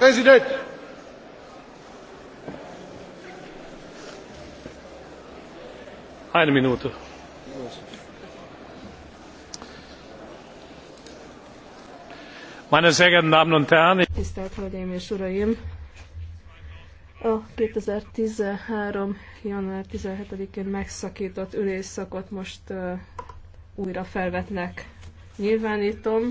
president. Eine Minute. Meine sehr geehrten Damen und Herren! Tisztelt Hölgyeim és Uraim! A 2013. január 17-én megszakított ülésszakot most uh, újra felvetnek. Nyilvánítom.